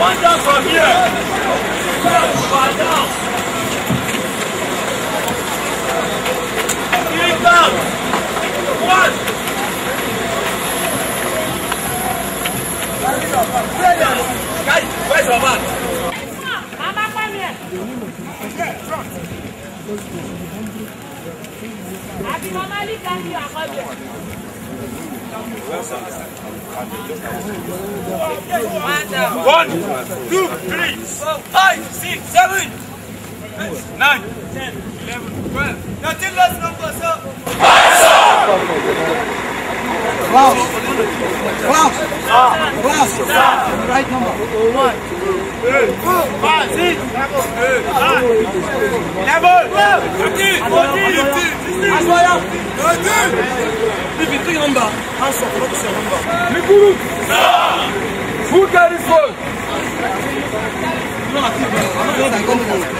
down from here. Give down. One. Guys, where's your man? come here. Abi, mama, leave that here. Well, sir. One, two, three, four, five, six, seven, eight, nine, ten, eleven, twelve. Nothing less number, sir. Klaus! Klaus! Klaus! Right number. One, Vas-y La balle Assoya Bibi, tu en bas. En sort, l'autre c'est en bas. Mais Koulouk Vous, Carifol Non, attends, on va dans la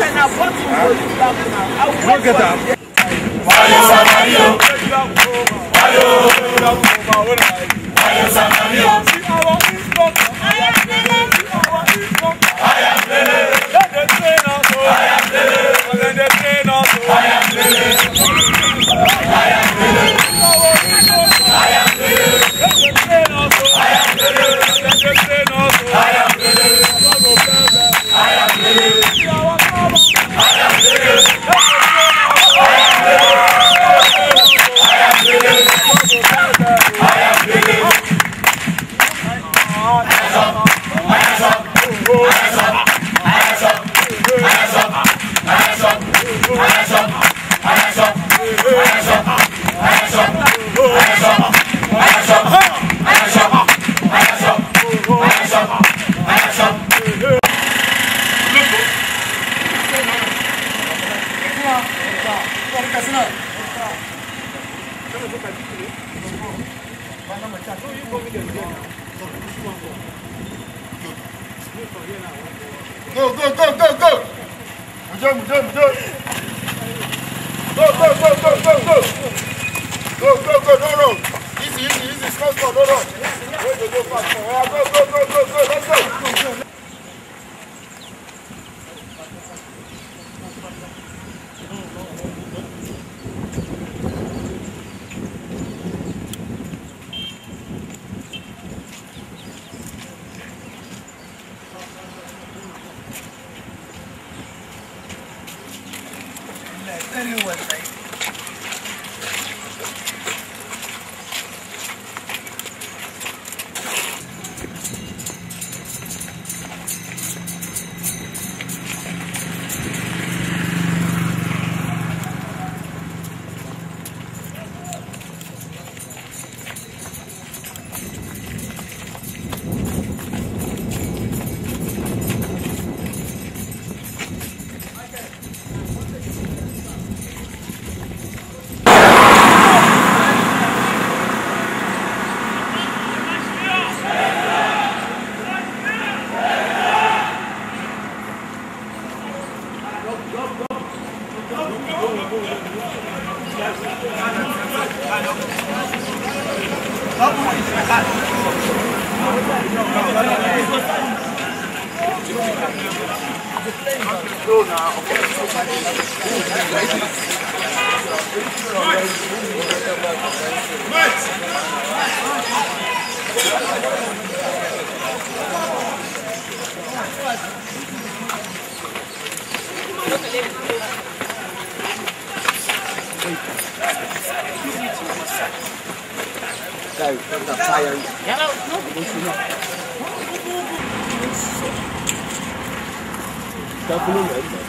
Look at that! you for this now. I Samario. Wayo. Wayo I am Lele. I am Lele. I am Lele. Kalau bukan itu, mana macam tu, you kau video ni. Kalau semua kau. Go, go, go, go, go! Mujur, mujur, mujur! Go, go, go, go, go, go! Go, go, go, no, no! Easy, easy, easy, slow, slow, no, no! Go, go, go, fast, go, go, go, go, go, go, let's go! Go, that's my own. Hello. Go,